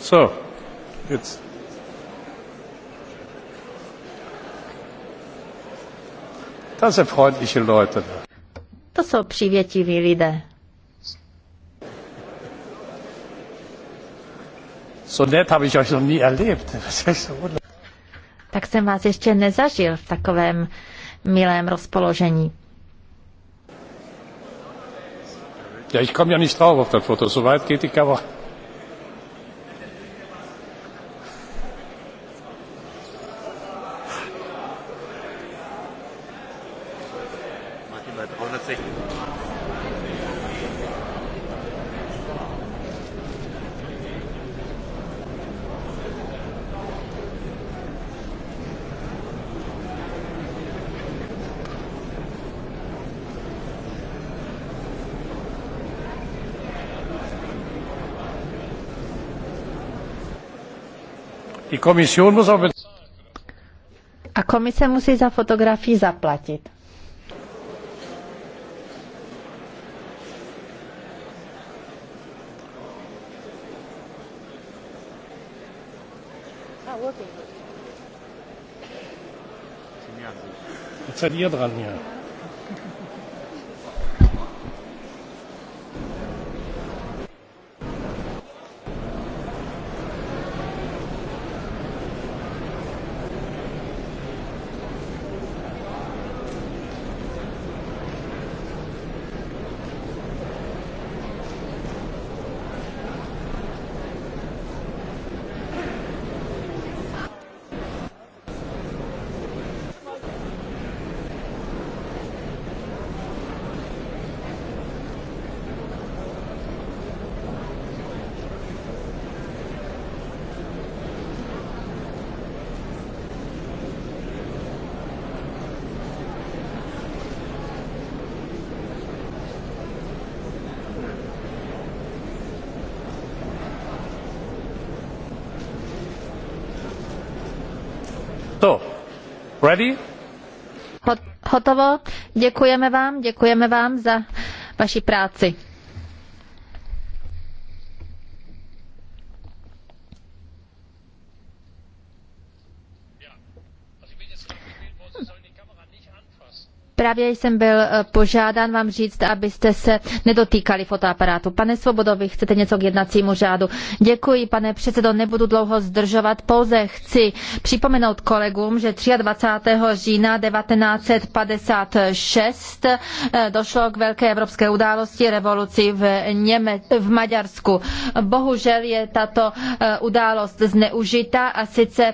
So, jetzt. Das sind freundliche Leute. To jsou přívětiví lidé. So nett habe ich euch noch nie erlebt. tak jsem vás ještě nezažil v takovém milém rozpoložení. Ja, ich komme ja nicht drauf auf das Foto. So weit geht die Kamera. met 100 A komise musí za fotografii zaplatit. not working. It's an ear dran, yeah. Ready? hotovo. Děkujeme vám, děkujeme vám za vaši práci. Právě jsem byl eh, požádán vám říct, abyste se nedotýkali fotoaparátu. Pane Svobodovi, chcete něco k jednacímu řádu? Děkuji, pane předsedo, nebudu dlouho zdržovat. Pouze chci připomenout kolegům, že 23. října 1956 eh, došlo k velké evropské události, revoluci v, Něme- v Maďarsku. Bohužel je tato eh, událost zneužita a sice